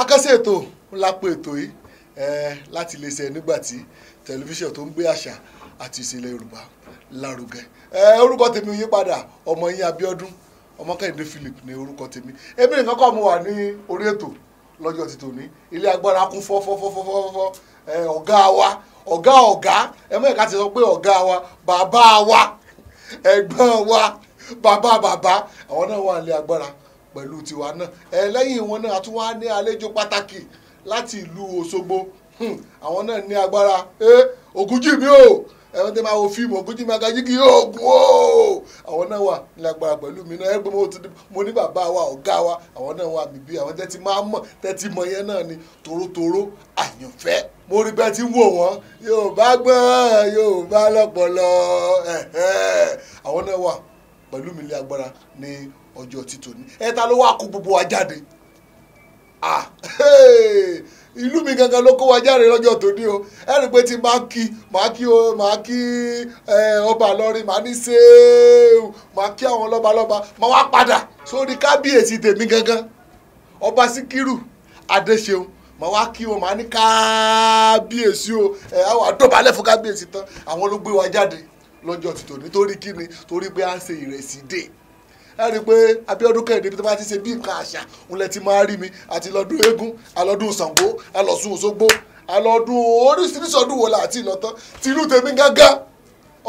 akọ́sẹ́ ètò lápò ètò yìí láti iléeṣẹ́ nígbàtí tẹlifíṣàn tó ń gbé àṣà àti ìṣẹ̀lẹ̀ yorùbá lárugẹ orúkọ tèmi yí padà ọmọ yín abíọ́dún ọmọ kẹ́hìndé philip ní orúkọ tèmi èmi nìkan kọ́ mo wà ní orí ètò lọ́jọ́ ti tòní ilé agbára kún fọ́fọ́fọ́fọ́fọ́ ọ̀gá wa ọ̀gá ọ̀gá ẹ ẹ̀ka ti sọ pé ọ̀gá wa bàbá wa ẹ̀gbọ́n wa bàbá bàbá àwọn náà wà ní agbára pẹ̀lú tiwa náà ẹ lẹ́yìn wọn náà a tún wá ní àlejò pàtàkì láti ìlú Òṣogbo hmm, àwọn náà ní agbára ògúnjì mi o ẹ̀rọ tẹ́ máa wo fíìmù ògúnjì mi agajì kì oògùn o àwọn náà wà ní agbára pẹ̀lú mi náà ẹgbẹ́ mo ní bàbá wa ọ̀gá wa àwọn náà wà bíbí àwọn tẹ́ máa mọ̀ tẹ́ mọ̀ yẹn náà ni torótoró àyànfẹ́ mo rí bẹ́ẹ̀ tí ń wò wọ́n Yorùbá gbọ́n Yorùbá lọ́pọ̀lọ́ àwọn náà wà pẹ̀lú mi lé agbára ní ọjọ́ títò ní ẹ ta ló wá kó gbogbo wa jáde ah ìlú mi gangan ló kó wa jáde lọ́jọ́ tòní o ẹ rí i pé tí máa kí máa kí máa kí ọba lọ́rin máa ní sẹ́ẹ̀ù máa kí àwọn lọ́balọ́ba máa wá padà sórí kábíyèsí tèmi gangan ọba síkírù adéṣeun màá wá kí wọn màá ní kábíyèsí o ẹ á wà fún kábíyèsí tán àwọn ló gbé wa jáde lọ́jọ́ ti tòní torí kí ni torí pé à ń ṣe ìrẹsì dé ẹ rí i pé Abíọ́dún Kẹ́hìndé tó bá ti ṣe bí nǹkan àṣà òun lẹ ti máa rí mi àti lọ́dún eégún alọ́dún Ṣàngó alọ́sùn Òṣogbo alọ́dún oríṣiríṣi ọdún wo la àti ìlọ́tán tìlú tèmi gángan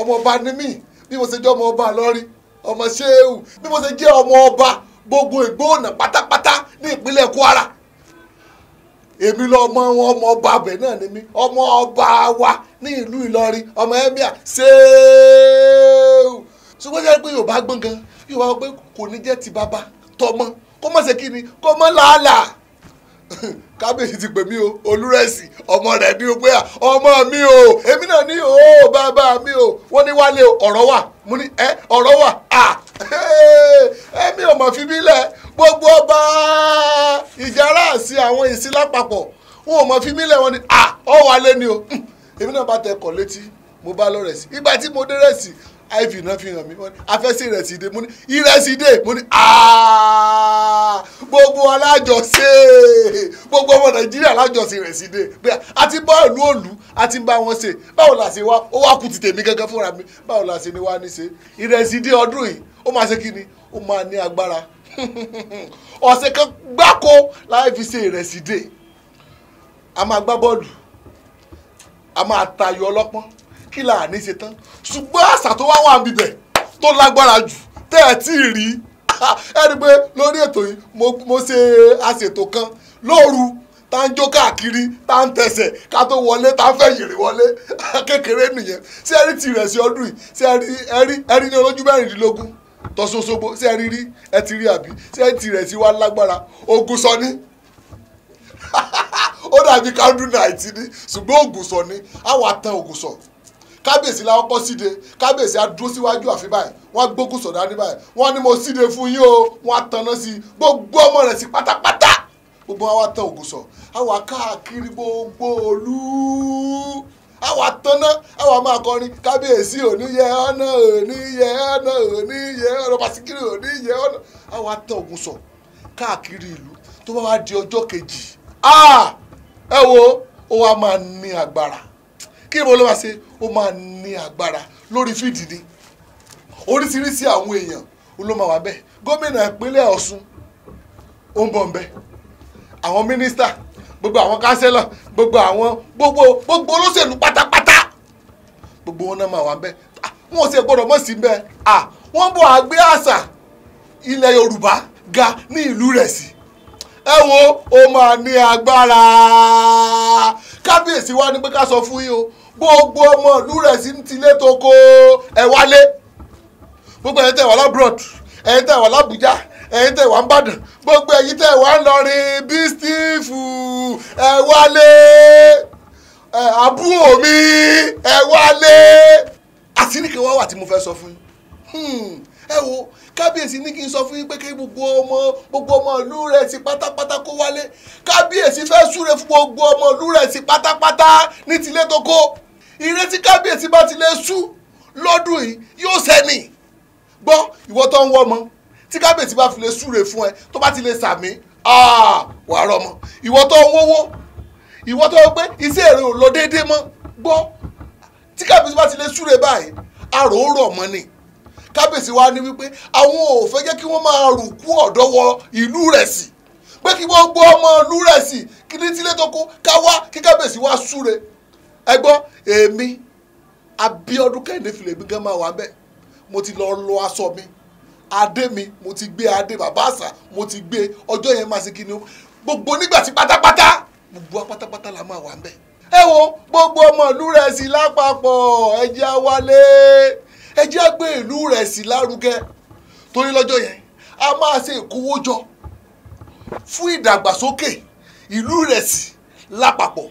ọmọ ọba ni mí bí mo ṣe jẹ́ ọmọ ọba lọ́rí ọmọ ṣéwù bí mo ṣe jẹ́ ọmọ ọba gbogbo Ìgbóònà pátápátá ní ìpínlẹ̀ Kwara èmi lọmọ wọn ọmọ ọba abẹ náà ni mí ọmọ ọba wa ní ìlú Ìlọrin ọmọ emir ṣéèwù ṣùgbọ́n ṣe pé Yorùbá gbọ́n gan Yorùbá wọ pé kò ní jẹ́ ti bàbá tọmọ kó mọ̀ ṣe kí ni kó mọ̀ làálàá kábíyèsí ti pè mí o olúrẹ̀sì ọmọ rẹ̀ ní o pé ọmọ mi o èmi náà ní o bàbá mi o wọ́n ní wálé ọ̀rọ̀ wà mo ní ẹ ọ̀rọ̀ wà à èmi ò mọ̀ fi bí gbogbo ọba sí àwọn ìsí lápapọ̀ wọn ò mọ fi mí lẹ̀ wọn ni à ah, ọ wà lé ni o hmm, èmi náà bá tẹ kọ̀ létí mo bá lọ rẹ̀sì ìgbà tí mo dé rẹ̀sì iv náà fi hàn mí wọn ni afẹ́sẹ̀ ìrẹsì dé mo ní ìrẹsì dé mo ní ah, gbogbo alájọṣe gbogbo ọmọ nàìjíríà alájọṣe ìrẹsì dé pé a ti bá ìlú òlu a ti ń bá wọn ṣe báwo la ṣe wá ó wá kù ti tèmi gẹ́gẹ́ fúnra mi báwo la ṣe ni wá ní ṣe ìrẹsì dé ọdún yìí ó máa ṣe kí ni ó máa ní agbára ọ̀sẹ̀ kan gbáko láì fi ṣe ìrẹsì dé a máa gbá bọ́ọ̀lù a máa tayọ ọlọ́pọ́n kí là á ní ṣe tán ṣùgbọ́n àṣà tó wá wà níbẹ̀ tó lágbára jù tẹ́ ẹ̀ tí ì rí ẹni pé lórí ètò yìí mo ṣe àṣètò kan lóru tá ń jó káàkiri tá ń tẹsẹ̀ ká tó wọlé tá ń fẹ́ yèrè wọlé kékeré nìyẹn ṣé ẹ rí tirẹ̀ sí ọdún yìí ṣé ẹ rí ẹ rí ní olójú mẹ́rìndínlógún tọ́sọ́sọ́gbó ṣé ẹ rí rí ẹ ti rí àbí ṣé ẹ ti rẹ̀ sí wá lágbára ogun sọ ní ó dàbí candle night ni ṣùgbọ́n ogun sọ ní àwọn atan ogun sọ kábíyèsí la kọ́kọ́ síde kábíyèsí á dúró síwájú àfi báyìí wọ́n gbógun sọ̀dá ní báyìí wọ́n ní mo síde fún yín o wọ́n á tanná sí i gbogbo ọmọ rẹ̀ sí pátápátá gbogbo àwọn atan ogun sọ àwọn akáàkiri gbogbo olú àwa tanná àwa máa kọrin kábíyèsí òníyẹ ọ̀nà òníyẹ ọ̀nà òníyẹ ọ̀nà pàṣíkìrì òníyẹ ọ̀nà àwa tẹ ògùn sọ káàkiri ìlú tó bá wá di ọjọ́ kejì ẹ wo ó wá máa ní agbára kí ìbọn ló máa ṣe ó máa ní agbára lórí fídì ni oríṣiríṣi àwọn èèyàn ló máa wà bẹ́ẹ̀ gómìnà ìpínlẹ̀ Ọ̀ṣun ó ń bọ̀ ń bẹ́ẹ̀ àwọn mínísítà gbogbo àwọn kánsẹ́lọ̀ gbogbo àwọn gbogbo gbogbo olóṣèlú pátápátá gbogbo wọn náà máa wà bẹ́ẹ̀ ah, wọn ò sì gbọ́dọ̀ mọ̀ sí bẹ́ẹ̀ à ah, wọ́n bọ̀ àgbé àṣà ilẹ̀ Yorùbá ga ní ìlú rẹ̀ sí ẹ wo ó máa ní agbára kábíyèsí wa ni pé ká sọ fún yín o gbogbo ọmọ ìlú rẹ̀ sí ti lé tó kó ẹ wálé gbogbo ẹ̀yin tẹ́ wà lábúrọ̀d ẹ̀yin tẹ́ wà lábújá ẹ̀yin tẹ̀ wá ń bàdàn gbogbo ẹ̀yin tẹ̀ wá ń lọrin bí steve ẹ wálé àbúrò mi ẹ wálé àṣírí kan wá wà tí mo fẹ́ sọ fún yín hmm, ẹ wo kábíyèsí ní kí n sọ fún yín pé kí gbogbo ọmọ gbogbo ọmọ ìlú rẹ̀ ti pátápátá kó wálé kábíyèsí fẹ́ súre fún gbogbo ọmọ ìlú rẹ̀ ti pátápátá ní tilé tó kó ìrètí kábíyèsí bá ti lè sú lọ́dún yìí yóò sẹ́ni gbọ́ ìwọ tó ń wọ́ ọmọ tí kábíyèsí bá fi lè súre fún ẹ tó bá ti lè sàmí ah, wàá rọmọ ìwọ tó ń wówó ìwọ tó ń pé iṣẹ́ rẹ ò lọ déédéé mọ́ gbọ́ tí kábíyèsí bá ti lè súre báyìí àrò ó rọ̀ mọ́ ni kábíyèsí wa ní wípé àwọn ò fẹ́ jẹ́ kí wọ́n máa rùkú ọ̀dọ́ wọ ìlú rẹ̀ sí pé kí wọ́n gbọ́ ọmọ ìlú rẹ̀ sí kí ní tílé tó kó ká wá kí kábíyèsí wa súre ẹ gbọ́ èmi Abíọ́dún Kẹ́hìndé Fìlẹ̀mí gan máa wà bẹ́ẹ̀ mo ti lọ lọ aṣọ mi adé mi mo ti gbé adé bàbá àṣà mo ti gbé ọjọ́ yẹn máa ṣe kí ni o gbogbo nígbà tí pátápátá gbogbo pátápátá la máa wà ń bẹ̀. ẹ wo gbogbo ọmọ ìlú rẹ̀ sí lápapọ̀ ẹ jẹ́ wálé ẹ jẹ́ gbé ìlú rẹ̀ sí lárugẹ torí lọ́jọ́ yẹn a máa ṣe ìkówójọ fún ìdàgbàsókè ìlú rẹ̀ sí lápapọ̀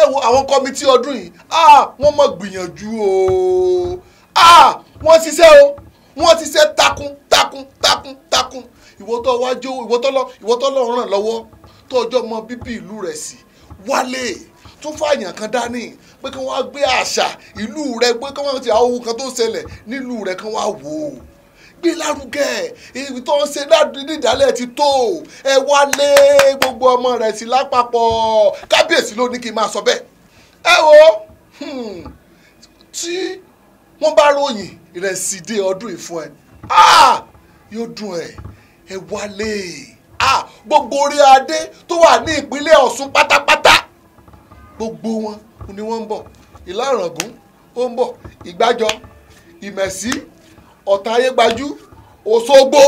ẹ wo àwọn kọ́mítì ọdún yìí ah, wọ́n mọ̀ gbìyànjú o ah, wọ́n ṣiṣẹ́ o wọ́n ti ṣe takun takun takun takun ìwọ tó wá jó ìwọ tó lọ ìwọ tó lọ ràn lọ́wọ́ tó ọjọ́ mọ bíbí ìlú rẹ̀ sí wálé tún fàyàn kan dání pé kí wọ́n á gbé àṣà ìlú rẹ̀ pé kí wọ́n ti àwọn ohun kan tó ṣẹlẹ̀ nílùú rẹ̀ kí wọ́n á wò ó gbé lárugẹ ibi tó ń ṣe nídàálẹ̀ ti tó ẹ wálé gbogbo ọmọ rẹ̀ sí lápapọ̀ kábíyèsí ló ní kí n máa sọ bẹ́ẹ̀ ẹ wo hmm, tí wọ́n bá ròyìn ìrẹsì dé ọdún ìfún ẹ ah! yóò dùn ẹ ẹ wálé ah! gbogbo orí adé tó wà ní ìpínlẹ̀ Ọ̀ṣun pátápátá gbogbo wọn ni wọ́n ń bọ̀ ìlàrangún ó ń bọ̀ ìgbàjọ ìmẹ̀sí ọ̀tà ayégbajú Òṣogbo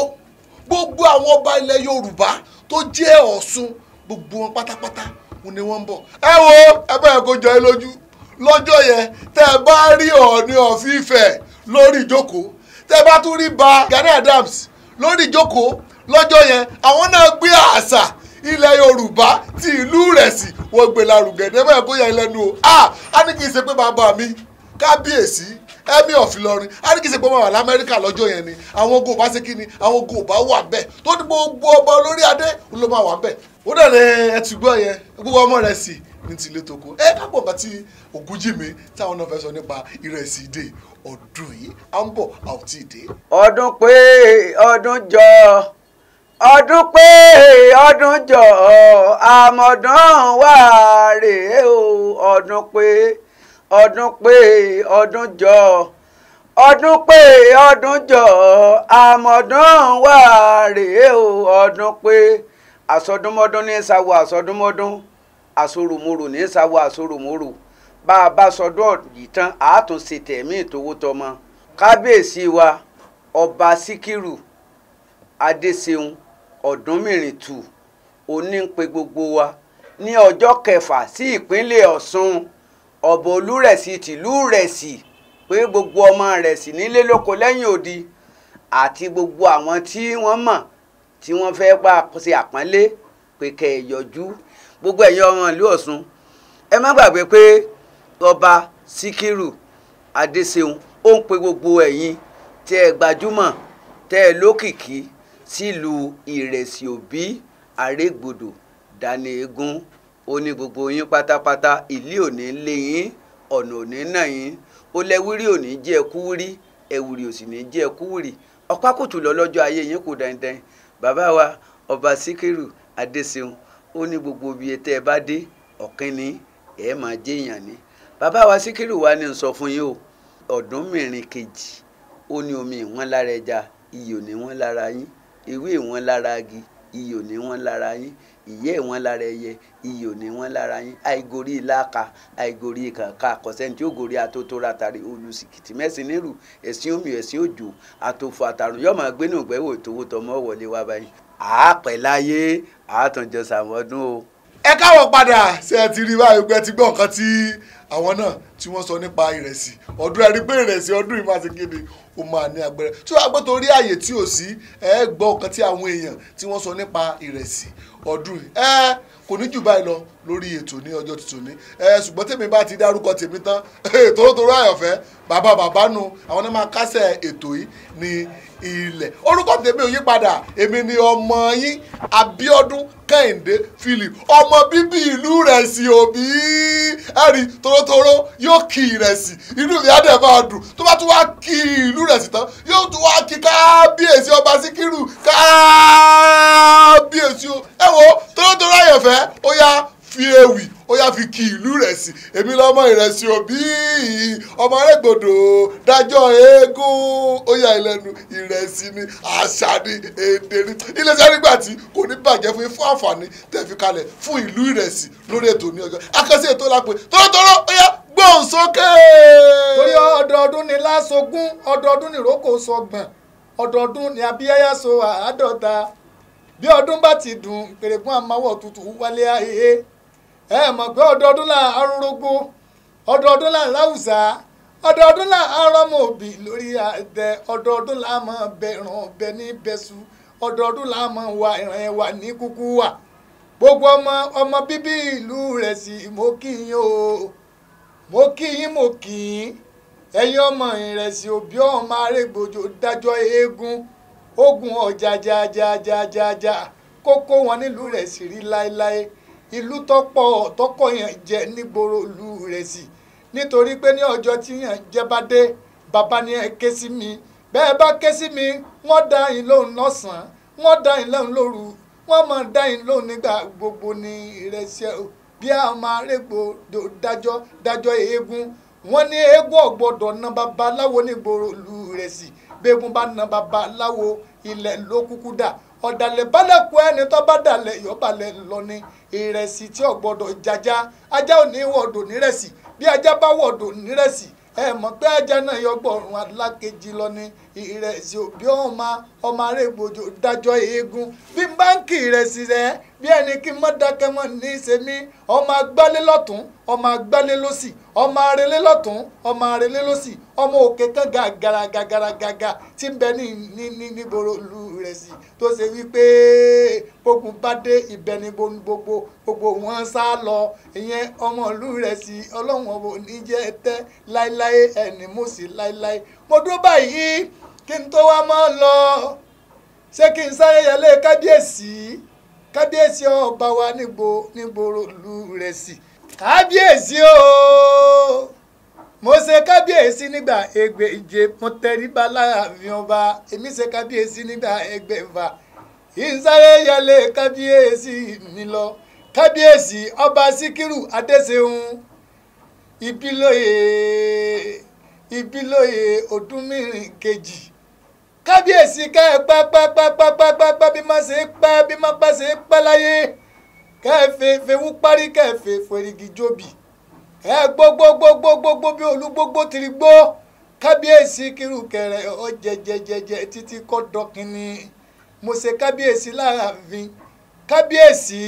gbogbo àwọn ọba ilẹ̀ Yorùbá tó jẹ́ Ọ̀ṣun gbogbo wọn pátápátá ni wọ́n ń bọ̀ ẹ wo ẹ bá yẹ kó jọ ẹ lójú lọ́jọ́ yẹn tẹ́ ẹ bá rí Ọọ̀ni of Ifẹ̀ lórí ìjókòó tẹ́ ẹ bá tún rí ba Gani Adams lórí ìjókòó lọ́jọ́ yẹn àwọn náà gbé àṣà ilẹ̀ Yorùbá ti ìlú rẹ̀ sí wọ́n gbé lárugẹ̀ ní ẹgbẹ́ bóyá ìlẹ́nu o ah, a á ní kí n ṣe pé bàbá mi kábíyèsí ẹ̀mí ọ̀fìlọrin á ní kí n ṣe pé wọ́n wà lamẹ́ríkà lọ́jọ́ yẹn ni àwọn ogun ò bá ṣe kí ni àwọn ogun ò bá wà bẹ́ẹ̀ tó ní gbogbo ọba olórí adé ló máa wà bẹ́ẹ̀ ó dẹ̀ ní ẹ ti gbọ́ yẹn gbogbo ọmọ rẹ̀ sì ní ti ilé tó kó ẹ kápọ̀ nǹkan tí Ògúnjìmí táwọn náà fẹ́ sọ nípa ìrẹsì ìdè ọdún yìí à ń bọ̀ a ò ọdún pé ọdún jọ ọdún pé ọdún jọ àmọ̀dán wà rèé o ọdún pé ọdún pé ọdún jọ ọdún pé ọdún jọ àmọ̀dán wà rèé o ọdún pé àsọdúnmọ́dún ní sáwọ́ àsọdúnmọ́dún àsoròmorò ní sáwọ́ àsoròmorò bá a bá sọdọ́ yìí tán àátún ṣe tẹ̀mí ìtòwó tọmọ kábíyèsí wa ọba síkírù adéṣeun ọ̀dúnmìrìn tù òní ń pe gbogbo wa ní ọjọ́ kẹfà sí ìpínlẹ̀ ọ̀ṣun ọ̀bọ̀ olúrẹ̀sì tìlú rẹ̀sì pé gbogbo ọmọ rẹ̀sì nílé lóko lẹ́yìn odi àti gbogbo àwọn tí wọ́n mọ̀ tí wọ́n fẹ́ bá ṣe àpọ́nlé pé kẹ́ ẹ yọjú gbogbo ẹ̀yin ọmọ ìlú Ọ̀ṣun ẹ má gbàgbé pé ọba Síkírù Adéṣeun ó ń pe gbogbo ẹ̀yin tẹ́ ẹ gbajúmọ̀ tẹ́ ẹ lókìkí sílùú Ìrẹsì Òbí Àrègbòdò Dání Eégún ó ní gbogbo yín pátápátá ìlí òní lé yín ọ̀nà òní nà yín ó lẹ́wúrí òní jẹ́ ẹkú wúrí ẹ̀wùrì òsì ní jẹ́ ẹkú wúrí ọ̀pá lọ́lọ́jọ́ ayé yín kù dandan bàbá wa ọba Síkírù Adéṣeun ó ní gbogbo ibi tẹ́ ẹ bá dé ọ̀kín ni ẹ máa jẹ́ ni bàbá wa síkírù wa ni n sọ fún yín o ọ̀dúnmìrin kejì ó ní omi ìwọ́n lára ẹja iyọ̀ ní wọ́n lára yín ewé ìwọ́n lára agi iyọ̀ ní wọ́n lára yín ìyẹ́ ìwọ́n lára ẹyẹ iyọ̀ ní wọ́n lára yín àìgórí ìlàkà àìgórí ìkàǹkà àkọsẹ́ni tí ó gorí atótó ratari olùsìkìtì mẹ́sìn nírù ẹ̀sìn omi ẹ̀sìn òjò àtòfò àtàrùn yọ̀ọ́ máa gbénú ìgbẹ́wò ìtòwò tọmọ wọlé wá báyìí àápẹ́ láyé àátúnjọ sàmọ́dún o. ẹ káwọ̀ padà ṣe ẹ ti rí báyìí pé ẹ ti gbọ́ nǹkan tí àwọn náà tí wọ́n sọ nípa ìrẹsì ọdún ẹ rí pé ìrẹsì ọdún yìí máa ti kéde ó máa ní agbẹ́rẹ́ tí wọ́n á gbé torí àyè tí ò sí ẹ gbọ́ ọ̀kan tí àwọn èèyàn tí wọ́n sọ nípa ìrẹsì ọdún ẹ kò ní jù báyìí lọ lórí ètò ní ọjọ́ tuntun ní ẹ ṣùgbọ́n tèmi bá ti dárúkọ tèmi tán tòrótòró àyànfẹ́ bàbá bàbá nu àwọn náà máa kásẹ̀ ètò yìí ní ilẹ̀ orúkọ tèmi ò yí padà èmi ni ọmọ yín Abíọ́dún Kẹ́hìndé Philip ọmọ bíbí ìlú Ìrẹsì òbí ẹ̀rí tòrótòró yóò kí Ìrẹsì inú mi á dẹ̀ máa dùn tó bá tún wá kí ìlú rẹ̀ sí tán yóò tún wá kí kábíyèsí ọba síkírù kábíyèsí o ẹ wo tòrótòró àyànfẹ́ ó yá fi ewì ó yá fi kí ìlú rẹ̀ sí èmi lọ́mọ ìrẹsì òbí ọmọ arẹ́gbòdò dájọ́ eégún ó yá ìlẹ́nu ìrẹsì ni àṣà ni èdè ni iléeṣẹ́ nígbà tí kò ní bàjẹ́ fún fún àǹfààní tẹ̀fí kalẹ̀ fún ìlú ìrẹsì lórí ètò ní ọjọ́ akẹ́sí ètò lápẹ́ tòrótòró ó yá ọlọ́run sókè. torí ọdọọdún ni lásogún ọdọọdún ni ìrókò sọgbọ̀n ọdọọdún ni abíyáyá so àádọ́ta bí ọdún bá ti dùn ìpèrègùn àmàwọ̀ tutù wálé ayé ẹ mọ̀ pé ọdọọdún là arúrógbó ọdọọdún là láwùsá ọdọọdún là arọmọ òbí lórí àdẹ ọdọọdún là mọ bẹràn ọbẹ ní bẹsù ọdọọdún là mọ wà ìrìn ẹwà ní kúkú wà gbogbo ọmọ ọmọ bíbí ìlú rẹ sì mọ kíyìn o. mo kí yín mo kí yín ẹ̀yin ọmọ ìrẹsì òbí ọmọ arẹgbòjò dájọ́ eégún ogun ọjà jajajajaja kókó wọn nílùú rẹ̀ sì rí láéláé ìlú tọpọ tọkọ yẹn jẹ nígboro ìlú rẹ̀ sì nítorí pé ní ọjọ́ tí yẹn jẹ bá dé bàbá ni ẹ ké sí mi bẹ́ẹ̀ bá ké sí mi wọ́n dá yín lóhùn lọ́sàn-án wọ́n dá yín lóhùn lóru wọ́n máa dá yín lóhùn nígbà gbogbo ní ìrẹsì ẹ̀ bí a máa régbò dájọ́ dájọ́ eégún wọ́n ní eégún ọ̀gbọ́dọ̀ babaláwo lu rẹ̀ sí béégún bá na babaláwo ilẹ̀ ló kúkú dà ọ̀dàlẹ̀ ẹni tó bá dàlẹ̀ yọ̀bàlẹ̀ lọ jaja ajá ò ní wọ̀dọ̀ nírẹsì bí ajá bá wọ̀dọ̀ mọ̀ pé ajá náà alákejì lọ ni. ìrẹsì bí ọmọ ọmọ arẹ́gbòjò dájọ́ eégún bí báńkì ìrẹsì rẹ bí ẹni kí n mọ́ dákẹ́ mọ́ ní í ṣe mí ọmọ agbálẹ́ lọ́tún ọmọ agbálẹ́ lọ́sì ọmọ arẹlẹ́ lọ́tún ọmọ arẹlẹ́ lọ́sì ọmọ òkè kan gàgàrà gàgàrà tí ń bẹ ní ní lu ìrẹsì tó ṣe wípé gbogbo bá dé ibẹ̀ ni gbogbo gbogbo wọn sá lọ ìyẹn ọmọ ìlú ìrẹsì ọlọ́run ọ̀bọ níjẹ́ tẹ́ láéláé ẹni mọ̀ sí láéláé mo dúró báyìí kí n tó wá mọ́ lọ ṣé kí n sáré yẹlé kábíyèsí kábíyèsí ọba wa níbo nígboro lu rẹ̀ sí. kábíyèsí o mo ṣe kábíyèsí nígbà ẹgbẹ́ ìje mo tẹríba láàfin ọba èmi ṣe kábíyèsí nígbà ẹgbẹ́ ìfà ìsáré yẹlé kábíyèsí mi lọ kábíyèsí ọba síkírù adéṣeun ìbílòyè ìbílòyè ọdúnmìrin kejì kábíyèsí ká ẹ pẹ́ pẹ́ pẹ́ pẹ́ pẹ́ pẹ́ pẹ́ bí má ṣe pẹ́ bí má pẹ́ ṣe pẹ́ láyé ká ẹ fẹ́ fẹ́wú parí ká ẹ fẹ́ fẹ́rìgì jóbi ká ẹ gbogbogbogbogbogbo bí olúgbogbo tìrì gbó kábíyèsí kírùkẹrẹ ọjẹjẹjẹjẹ títí kọ́ dọ́kínní mo ṣe kábíyèsí láàfin kábíyèsí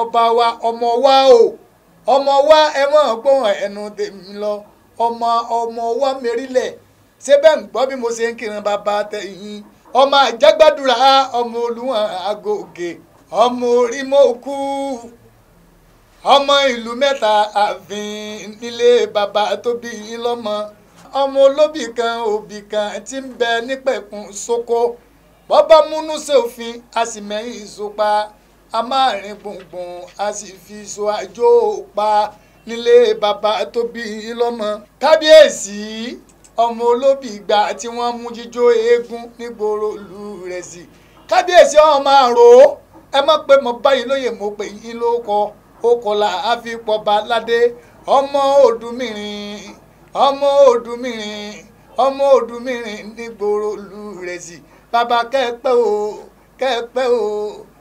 ọba wa ọmọ wa o ọmọ wa ẹ mọ̀ ọ́n gbọ́n ẹnu tèmi lọ ọmọ ọmọ wa mérílẹ̀ ṣé bẹ́ẹ̀ gbọ́ bí mo ṣe ń kírun bàbá tẹ̀yìn ọmọ àjẹgbàdúrà ọmọ olúwọn àgòkè ọmọ orí mọ́kú ọmọ ìlú mẹ́ta ààfin nílé bàbá tó bí yín lọ́mọ ọmọ olóbì kan òbí kan tí ń bẹ nípẹ̀kun sóko bọ́bá múnú sófin a sì mẹ́yìn ìsopa a máa rìn gbùngbùn a sì fi so àjò pa nílé bàbá tó bí yín lọ́mọ kábíyèsí ọmọ olóbì ìgbà tí wọ́n mú jíjó eégún nígboro ìlú rẹ̀ sí kábíyèsí ọmọ àrò ẹ mọ̀ pé mo báyìí lóye mo pè yín ló kọ ó kọ là á fi pọ̀ bá ládé ọmọ òdùmìrin ọmọ òdùmìrin ọmọ òdùmìrin nígboro ìlú rẹ̀ sí bàbá kẹ́ẹ̀pẹ́ o kẹ́ẹ̀pẹ́ o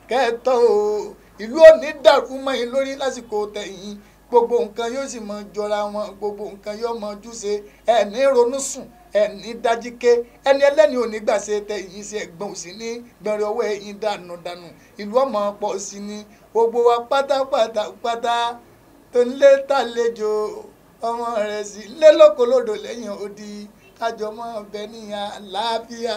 kẹ́ẹ̀tọ́ o ìlú ò dàrú mọ́ yín lórí lásìkò tẹ̀yìn gbogbo nǹkan yóò sì mọ jọra wọn gbogbo nǹkan yóò mọ ojúṣe ẹni ronú sùn ẹni dájíké ẹni ẹlẹ́ni ò ní gbà ṣe tẹ ìyìn sí ẹ̀gbọ́n òsì ní gbẹ̀rẹ̀ owó ẹ̀yìn dànù dànù ìlú ọmọ pọ̀ sí ni gbogbo wa pátápátá pátá tó ń lé tàlejò ọmọ rẹ̀ sí lé lókolódò lẹ́yìn odi kájọmọ́ bẹ níyà láàbíà.